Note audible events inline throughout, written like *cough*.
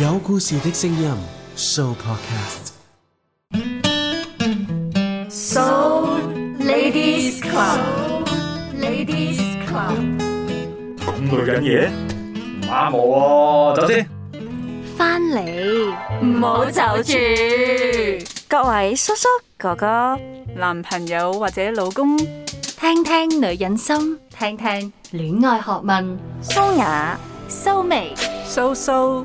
有故事的聲音，So Podcast，So Ladies Club，Ladies Club，講女人嘢，唔啱我喎，走先。翻嚟，唔好走住。各位叔叔、哥哥、男朋友或者老公，聽聽女人心，聽聽戀愛學問，收牙、收眉、收收。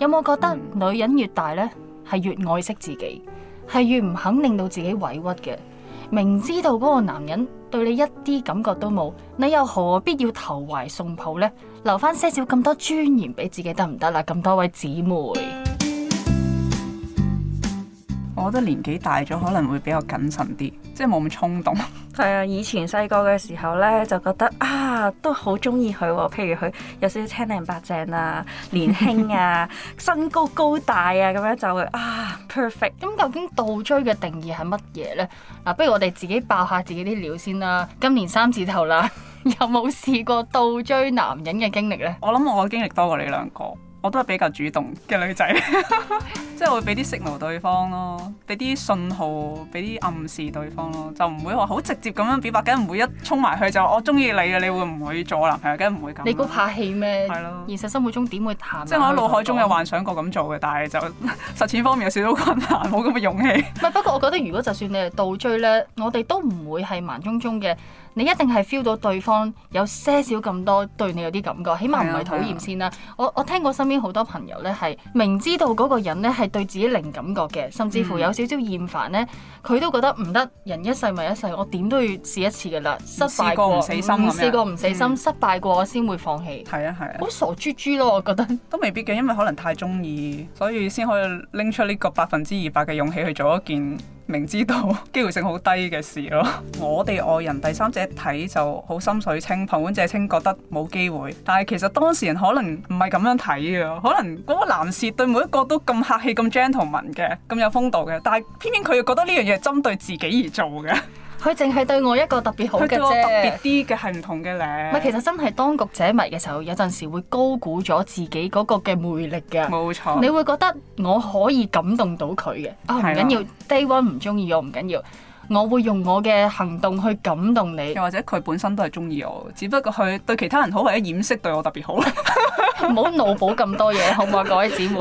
有冇覺得女人越大呢，係越愛惜自己，係越唔肯令到自己委屈嘅？明知道嗰個男人對你一啲感覺都冇，你又何必要投懷送抱呢？留翻些少咁多尊嚴俾自己得唔得啦？咁多位姊妹。我覺得年紀大咗可能會比較謹慎啲，即係冇咁衝動。係 *laughs* 啊，以前細個嘅時候呢，就覺得啊，都好鍾意佢喎。譬如佢有少少青靚白淨啊，年輕啊， *laughs* 身高高大啊，咁樣就會啊 perfect。咁究竟倒追嘅定義係乜嘢呢？嗱、啊，不如我哋自己爆下自己啲料先啦。今年三字頭啦，有冇試過倒追男人嘅經歷呢？我諗我經歷多過你兩個，我都係比較主動嘅女仔。 *laughs* 即係會俾啲色諗對方咯，俾啲信號，俾啲暗示對方咯，就唔會話好直接咁樣表白，梗唔會一衝埋去就我中意你，你會唔會做我男朋友？梗唔會咁。你估拍戲咩？係咯。現實生活中點會談？即係我腦海中有幻想過咁做嘅，但係就實踐方面有少少困難，冇咁嘅勇氣。不過，我覺得如果就算你係倒追呢，我哋都唔會係盲中中嘅。你一定係 feel 到對方有些少咁多對你有啲感覺，起碼唔係討厭先啦。我我聽過身邊好多朋友呢，係明知道嗰個人呢。係。對自己零感覺嘅，甚至乎有少少厭煩呢，佢、嗯、都覺得唔得，人一世咪一世，我點都要試一次㗎喇，失敗過唔死心，唔試過唔死心，失敗過我先會放棄。係啊係啊，好傻豬豬咯，我覺得珠珠都未必嘅，因為可能太鍾意，所以先可以拎出呢個百分之二百嘅勇氣去做一件明知道機會性好低嘅事咯， *laughs* 我哋外人第三者睇就好心水清，旁觀者清，覺得冇機會。但係其實當事人可能唔係咁樣睇嘅，可能嗰個男士對每一個都咁客氣、咁 gentleman 嘅、咁有風度嘅，但係偏偏佢又覺得呢樣嘢係針對自己而做嘅。 *laughs* 佢淨係對我一個特別好嘅啫，特別啲嘅係唔同嘅咧。唔係，其實真係當局者迷嘅時候，有陣時會高估咗自己嗰個嘅魅力嘅。冇錯，你會覺得我可以感動到佢嘅。啊，唔緊要，Day One 唔中意我唔緊要，我會用我嘅行動去感動你。又或者佢本身都係中意我，只不過佢對其他人好或者掩飾對我特別好。唔好腦補咁多嘢，好唔好啊？各位姊妹。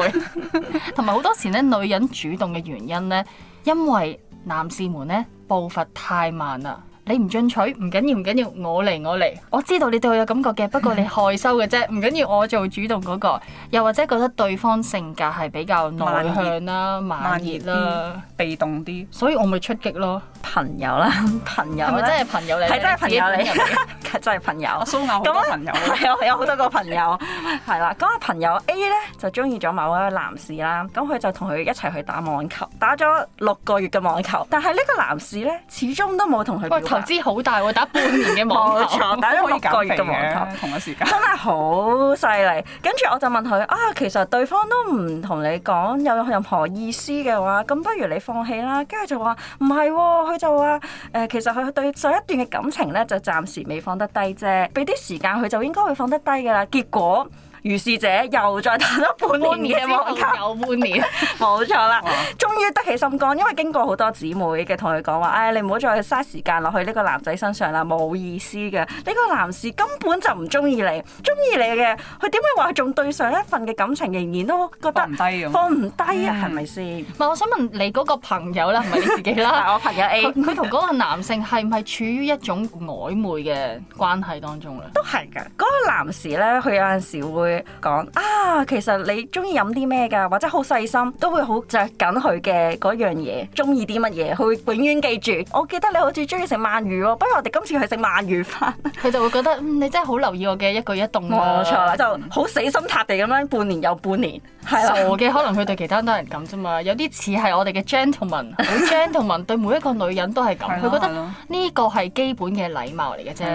同埋好多時咧，女人主動嘅原因咧，因為男士們咧。步伐太慢啦。你唔進取，唔緊要，唔緊要，我嚟，我嚟。我知道你對我有感覺嘅，不過你害羞嘅啫，唔緊要，我做主動嗰個。又或者覺得對方性格係比較內向啦、慢熱啦、被動啲，所以我咪出擊咯。朋友啦，朋友係咪真係朋友嚟？係真係朋友嚟，真係朋友。蘇咬好多朋友，係有好多個朋友係啦。咁啊，朋友 A 呢，就中意咗某一個男士啦。咁佢就同佢一齊去打網球，打咗六個月嘅網球。但係呢個男士呢，始終都冇同佢。唔知好大喎，打半年嘅網球，打咗六個月嘅網球， *laughs* 同一時間真係好犀利。跟住我就問佢啊，其實對方都唔同你講有任何意思嘅話，咁不如你放棄啦。跟住就話唔係，佢、哦、就話誒、呃，其實佢對上一段嘅感情咧，就暫時未放得低啫，俾啲時間佢就應該會放得低嘅啦。結果。如是者又再等咗半年嘅有，又半年，冇錯啦，終於得起心肝，因為經過好多姊妹嘅同佢講話，誒，你唔好再嘥時間落去呢個男仔身上啦，冇意思嘅，呢個男士根本就唔中意你，中意你嘅，佢點解話仲對上一份嘅感情仍然都覺得放唔低咁，放唔低啊，係咪先？唔係，我想問你嗰個朋友啦，唔係你自己啦，我朋友 A，佢同嗰個男性係唔係處於一種曖昧嘅關係當中咧？都係㗎，嗰個男士咧，佢有陣時會。講啊，其實你中意飲啲咩噶，或者好細心，都會好着緊佢嘅嗰樣嘢，中意啲乜嘢，佢會永遠記住。我記得你好似中意食鰻魚喎。哦，不如我哋今次去食鰻魚飯。佢就會覺得，嗯，你真係好留意我嘅一舉一動。冇錯啦，就好死心塌地咁樣，半年又半年。係啊。傻嘅，可能佢對其他都係咁啫嘛，有啲似係我哋嘅 gentleman，好 gentleman *laughs* 對每一個女人都係咁。佢 *laughs* 覺得呢個係基本嘅禮貌嚟嘅啫。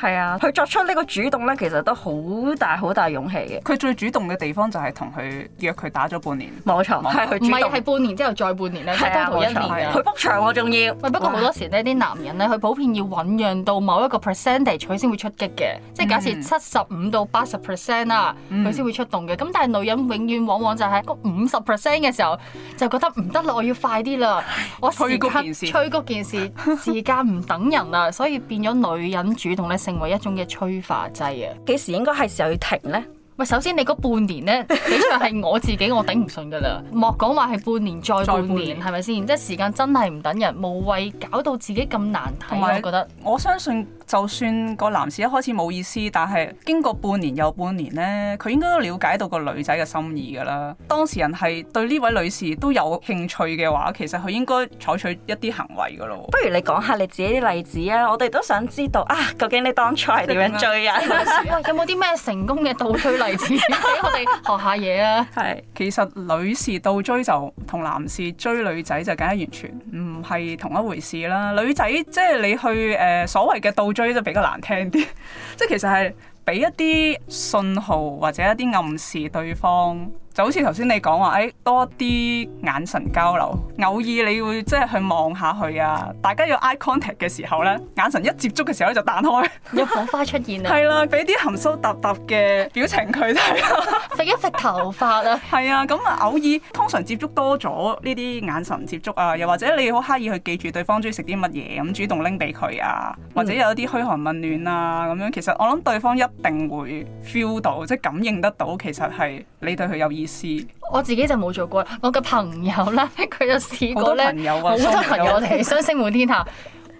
係啊。佢作出呢個主動咧，其實都好大好大勇氣。佢最主動嘅地方就係同佢約佢打咗半年，冇錯，係佢主動，係半年之後再半年咧，再搏佢搏長我仲要。不過好多時呢啲男人咧，佢普遍要醞釀到某一個 percentage，佢先會出擊嘅。即係假設七十五到八十 percent 啦，佢先會出動嘅。咁但係女人永遠往往就喺嗰五十 percent 嘅時候，就覺得唔得啦，我要快啲啦，我催嗰件事，催嗰件事，時間唔等人啦，所以變咗女人主動咧，成為一種嘅催化劑啊。幾時應該係時候要停咧？首先你嗰半年呢，比賽係我自己我頂唔順噶啦，莫講話係半年再半年，係咪先？即係時間真係唔等人，無謂搞到自己咁難睇，有我覺得。我相信。就算個男士一開始冇意思，但係經過半年又半年咧，佢應該都了解到個女仔嘅心意噶啦。當事人係對呢位女士都有興趣嘅話，其實佢應該採取一啲行為噶咯。不如你講下你自己啲例子啊！我哋都想知道啊，究竟你當初係點樣追啊？有冇啲咩成功嘅倒追例子俾我哋學下嘢啊？係 *laughs* 其實女士倒追就同男士追女仔就梗係完全唔係同一回事啦。女仔即係你去誒、呃、所謂嘅倒追。所以就比較難聽啲， *laughs* 即係其實係俾一啲信號或者一啲暗示對方。就好似頭先你講話誒多啲眼神交流，偶爾你會即係去望下佢啊。大家要 eye contact 嘅時候咧，嗯、眼神一接觸嘅時候咧就彈開有火花出現 *laughs* 啊。係啦，俾啲含羞答答嘅表情佢睇啦，拂 *laughs* 一拂頭髮啊。係 *laughs* 啊，咁啊偶爾通常接觸多咗呢啲眼神接觸啊，又或者你好刻意去記住對方中意食啲乜嘢咁主動拎俾佢啊，或者有一啲嘘寒問暖啊咁樣、嗯、其實我諗對方一定會 feel 到，即係感應得到，其實係你對佢有意。意思我自己就冇做過啦，我嘅朋友啦，佢就試過咧，好多朋友啊，好多朋友哋相識滿天下。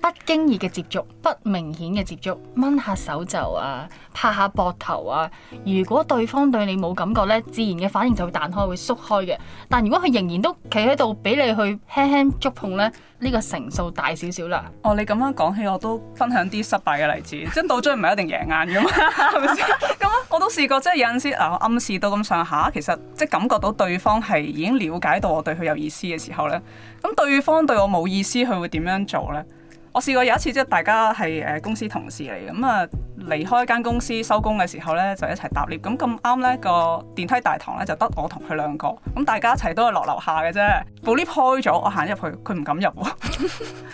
不經意嘅接觸，不明顯嘅接觸，掹下手肘啊，拍下膊頭啊。如果對方對你冇感覺呢，自然嘅反應就會彈開，會縮開嘅。但如果佢仍然都企喺度俾你去輕輕觸碰呢，呢個成數大少少啦。哦，你咁樣講起，我都分享啲失敗嘅例子，真到終唔係一定贏硬嘅嘛，係咪先？咁我都試過，即係有陣時啊，我暗示到咁上下，其實即係感覺到對方係已經了解到我對佢有意思嘅時候呢，咁對方對我冇意思，佢會點樣做呢？我試過有一次，即係大家係誒公司同事嚟，咁啊離開間公司收工嘅時候咧，就一齊搭 lift，咁咁啱咧個電梯大堂咧就得我同佢兩個，咁大家一齊都係落樓下嘅啫，lift 開咗我行入去，佢唔敢入喎，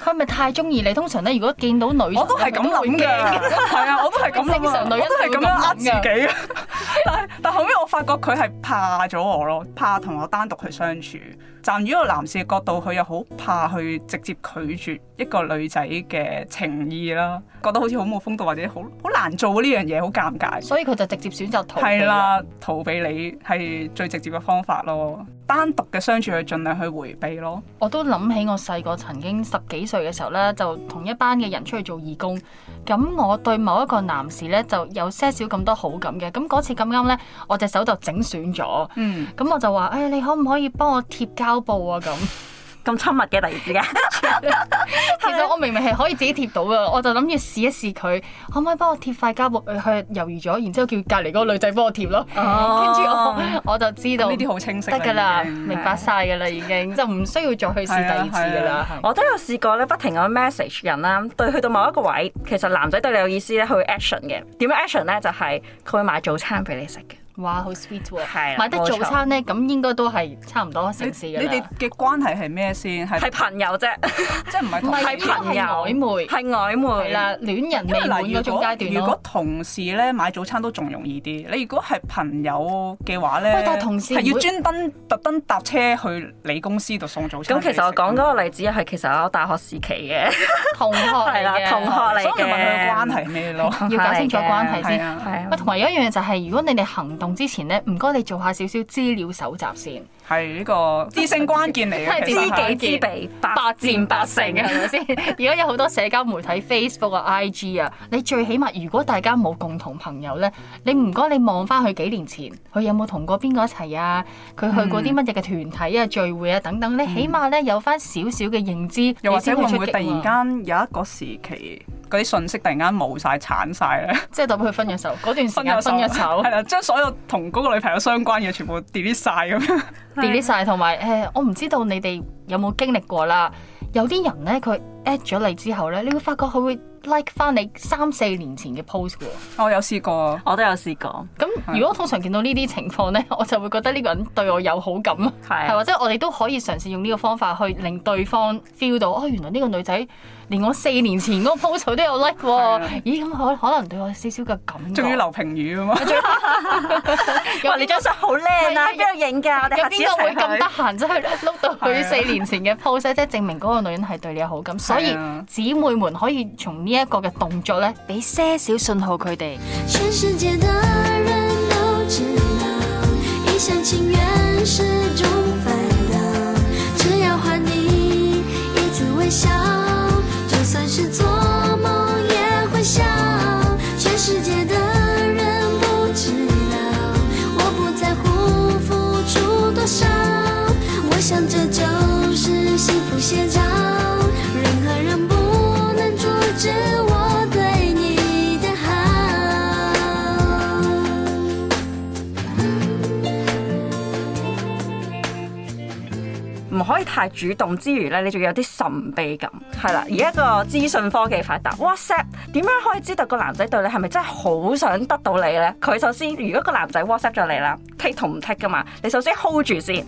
佢係咪 *laughs* 太中意你？通常咧如果見到女我都係咁諗嘅，係啊， *laughs* 我都係咁諗嘅，正常女人，都係咁樣呃自己。 *laughs* *laughs* 但，但後尾我發覺佢係怕咗我咯，怕同我單獨去相處。站住一個男士嘅角度，佢又好怕去直接拒絕一個女仔嘅情意啦，覺得好似好冇風度或者好好難做呢樣嘢，好尷尬。所以佢就直接選擇逃避啦，逃避你係最直接嘅方法咯。單獨嘅相處，佢盡量去回避咯。我都諗起我細個曾經十幾歲嘅時候咧，就同一班嘅人出去做義工。咁我對某一個男士呢就有些少咁多好感嘅。咁嗰次咁啱呢，我隻手就整損咗，咁、嗯、我就話，誒、哎，你可唔可以幫我貼膠布啊？咁咁親密嘅，突然之間， *laughs* 其實我明明係可以自己貼到嘅，我就諗住試一試佢，可唔可以幫我貼塊膠布？佢猶豫咗，然之後叫隔離嗰個女仔幫我貼咯。跟住、哦、我我就知道呢啲好清晰得㗎啦，的明白晒㗎啦已經，的就唔需要再去試第二次㗎啦。我都有試過咧，不停咁 message 人啦，對去到某一個位，其實男仔對你有意思咧，佢會 action 嘅。點樣 action 咧？就係、是、佢會買早餐俾你食。嘅。哇，好 sweet 喎！買得早餐咧，咁應該都係差唔多城市嘅。你哋嘅關係係咩先？係朋友啫，即係唔係？唔係，朋友，曖昧，係曖昧啦，戀人戀愛嗰種階段咯。如果同事咧買早餐都仲容易啲，你如果係朋友嘅話咧，係要專登特登搭車去你公司度送早餐。咁其實我講嗰個例子係其實我大學時期嘅同學嚟嘅，所以咪問佢關係咩咯？要搞清楚關係先。喂，同埋有一樣嘢就係，如果你哋行動之前咧，唔該你做下少少資料搜集先，係呢個資訊關鍵嚟嘅， *laughs* 知己知見彼，百戰百勝，係咪先？而家 *laughs* *laughs* 有好多社交媒體，Facebook 啊、IG 啊，你最起碼如果大家冇共同朋友咧，你唔該你望翻佢幾年前，佢有冇同過邊個一齊啊？佢去過啲乜嘢嘅團體啊、嗯、聚會啊等等你起碼咧有翻少少嘅認知，又或者會唔會突然間有一個時期？嗰啲信息突然間冇晒，鏟晒。咧，即係代表佢分咗手，嗰呵段時間分咗手，係啦、 *laughs* *laughs* 啊，將所有同嗰個女朋友相關嘅全部 delete 晒。咁樣，delete 晒同埋誒，我唔知道你哋有冇經歷過啦。有啲人咧，佢 at 咗你之後咧，你會發覺佢會 like 翻你三四年前嘅 post 喎。我有試過，我都有試過。咁、嗯、如果通常見到呢啲情況咧，我就會覺得呢個人對我有好感咯。係、啊，係或者我哋都可以嘗試用呢個方法去令對方 feel 到，哦、哎，原來呢個女仔。連我四年前嗰個 pose 都有 like 喎、哦，啊、咦，咁可可能對我少少嘅感覺，仲要留評語啊嘛，因為你張相好靚啊，喺邊度影㗎？咁邊個會咁得閒即係碌到佢四年前嘅 pose？即係證明嗰個女人係對你有好感，所以姊、啊、妹們可以從呢一個嘅動作咧，俾些少信號佢哋。全世界的人都知道，一廂情願是種煩惱，只要換你一次微笑。太主動之餘咧，你仲要有啲神秘感，係啦。而家個資訊科技發達，WhatsApp 點樣可以知道個男仔對你係咪真係好想得到你咧？佢首先，如果個男仔 WhatsApp 咗你啦，tick 同唔 tick 噶嘛？你首先 hold 住先。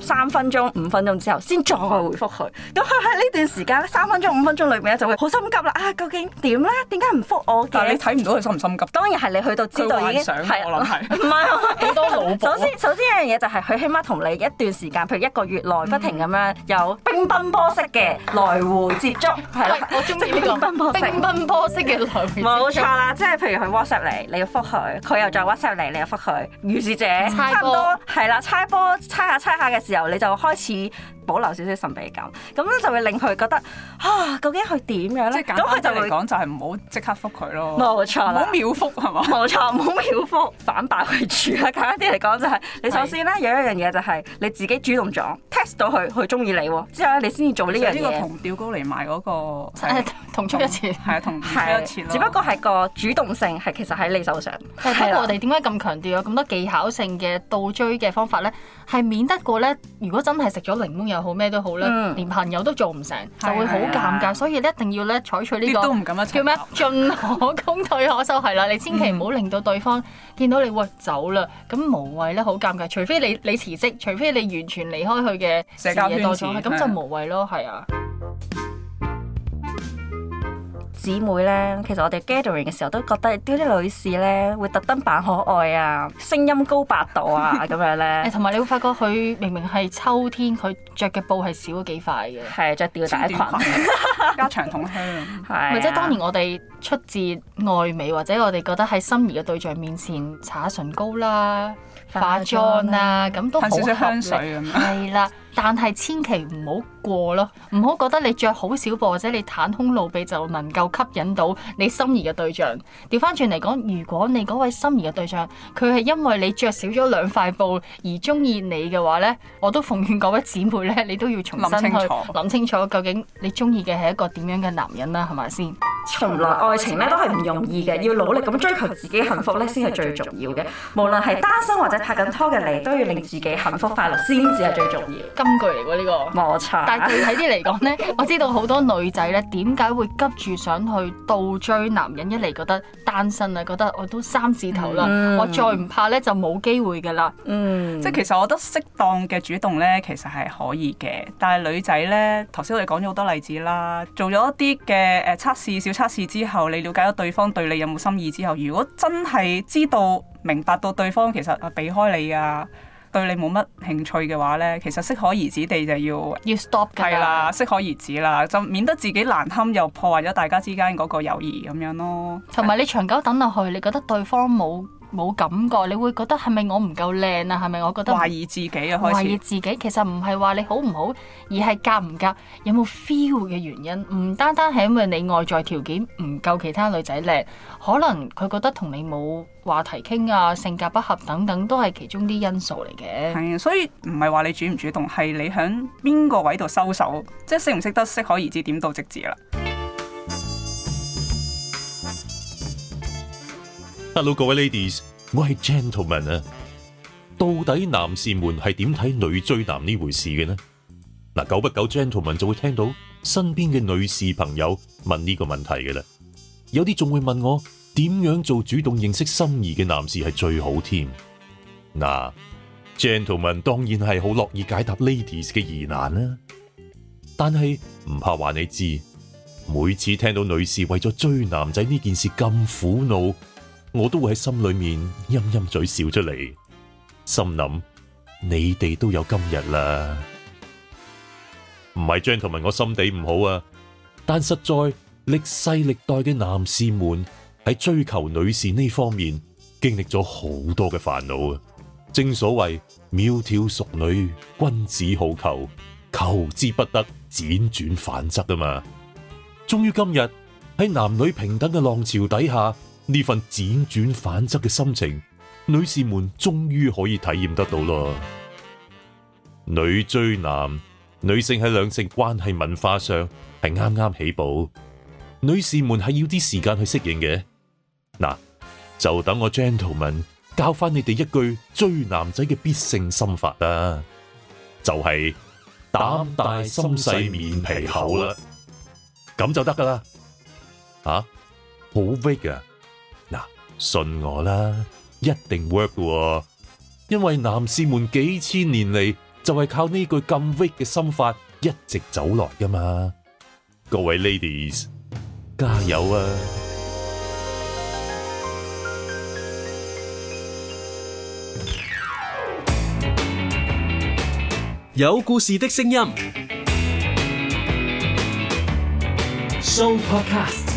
三分鐘、五分鐘之後先再去回覆佢，咁佢喺呢段時間咧，三分鐘、五分鐘裏面咧就會好心急啦！啊，究竟點咧？點解唔復我？但係你睇唔到佢心唔心急。當然係你去到知道已經係啊，唔係好多首先，首先一樣嘢就係佢起碼同你一段時間，譬如一個月內不停咁樣有乒乓波式嘅來回接觸。係啦，我中意呢個乒乓波式嘅來回。冇錯啦，即係譬如佢 WhatsApp 嚟，你要復佢，佢又再 WhatsApp 嚟，你又復佢，如是者差唔多係啦，猜波猜下猜下嘅。時候你就開始。保留少少神秘感，咁咧就會令佢覺得啊，究竟佢點樣咧？咁佢就嚟講就係唔好即刻覆佢咯，冇錯啦，好秒覆係嘛？冇錯，好秒覆，反敗為主啦。簡單啲嚟講就係，你首先咧有一樣嘢就係你自己主動咗 test 到佢，佢中意你之後咧，你先至做呢樣嘢。呢個同吊高嚟賣嗰個，同出一轍，係同出一轍。只不過係個主動性係其實喺你手上。不過，我哋點解咁強調有咁多技巧性嘅倒追嘅方法咧？係免得過咧，如果真係食咗檸檬油。好咩都好啦，嗯、連朋友都做唔成，的就會好尷尬。的所以一定要咧採取呢、呢個都唔敢叫咩？進 *laughs* 可攻，退可守，係啦。 *laughs* 你千祈唔好令到對方見到你屈、哎、走啦，咁無謂咧，好尷尬。除非你你辭職，除非你完全離開佢嘅社交圈咁，就無謂咯，係啊。姊妹咧，其實我哋 gathering 嘅時候都覺得啲啲女士咧會特登扮可愛啊，聲音高八度啊咁樣咧。誒，同埋你會發覺佢明明係秋天，佢着嘅布係少咗幾塊嘅。係著吊帶裙，加長筒靴。係。咪即係當然我哋出自愛美，或者我哋覺得喺心儀嘅對象面前搽唇膏啦、啊、化妝啦，咁都好香水啊。係啦，但係千祈唔好。過咯，唔好覺得你着好少布或者你袒胸露臂就能夠吸引到你心儀嘅對象。掉返轉嚟講，如果你嗰位心儀嘅對象，佢係因為你着少咗兩塊布而中意你嘅話呢，我都奉勸各位姊妹呢，你都要重新去諗清楚，究竟你中意嘅係一個點樣嘅男人啦，係咪先？從來愛情咧都係唔容易嘅，要努力咁追求自己幸福咧先係最重要嘅。無論係單身或者拍緊拖嘅你，都要令自己幸福快樂先至係最重要。金句嚟嘅呢個冇錯。但係具體啲嚟講呢，我知道好多女仔呢，點解會急住想去倒追男人？一嚟覺得單身啊，覺得我都三字頭啦，嗯、我再唔怕呢就冇機會噶啦。嗯，即係其實我覺得適當嘅主動呢，其實係可以嘅。但係女仔呢，頭先我哋講咗好多例子啦，做咗一啲嘅誒測試，小測試之後，你了解咗對方對你有冇心意之後，如果真係知道明白到對方其實、啊、避開你啊。對你冇乜興趣嘅話呢，其實適可而止地就要要 stop 㗎，係啦，適可而止啦，就免得自己難堪又破壞咗大家之間嗰個友誼咁樣咯。同埋你長久等落去，你覺得對方冇。冇感覺，你會覺得係咪我唔夠靚啊？係咪我覺得懷疑自己啊？開始懷疑自己，其實唔係話你好唔好，而係夾唔夾，有冇 feel 嘅原因。唔單單係因為你外在條件唔夠其他女仔靚，可能佢覺得同你冇話題傾啊，性格不合等等，都係其中啲因素嚟嘅。係啊，所以唔係話你主唔主動，係你響邊個位度收手，即係識唔識得，適可而止，點到即止啦。Hello，各位 ladies，我係 gentleman 啊。到底男士們係點睇女追男呢回事嘅呢？嗱，久不久 gentleman 就會聽到身邊嘅女士朋友問呢個問題嘅啦。有啲仲會問我點樣做主動認識心儀嘅男士係最好添。嗱，gentleman 當然係好樂意解答 ladies 嘅疑難啦。但係唔怕話你知，每次聽到女士為咗追男仔呢件事咁苦惱。我都會喺心裏面陰陰嘴笑出嚟，心諗，你哋都有今日啦。唔係張同文，我心地唔好啊。但實在歷世歷代嘅男士們喺追求女士呢方面，經歷咗好多嘅煩惱啊。正所謂，窈窕淑女，君子好逑，求之不得，輾轉反側啊嘛。終於今日喺男女平等嘅浪潮底下。呢份輾轉反側嘅心情，女士們終於可以體驗得到啦。女追男，女性喺兩性關係文化上係啱啱起步，女士們係要啲時間去適應嘅。嗱，就等我 gentleman 教返你哋一句追男仔嘅必勝心法啦，就係膽大心細面皮厚啦，咁就得噶啦。啊，好威啊！信我啦，一定 work 嘅。哦，因為男士們幾千年嚟就係、是、靠呢句咁 weak 嘅心法一直走落噶嘛。各位 ladies，加油啊！有故事的聲音，Show Podcast。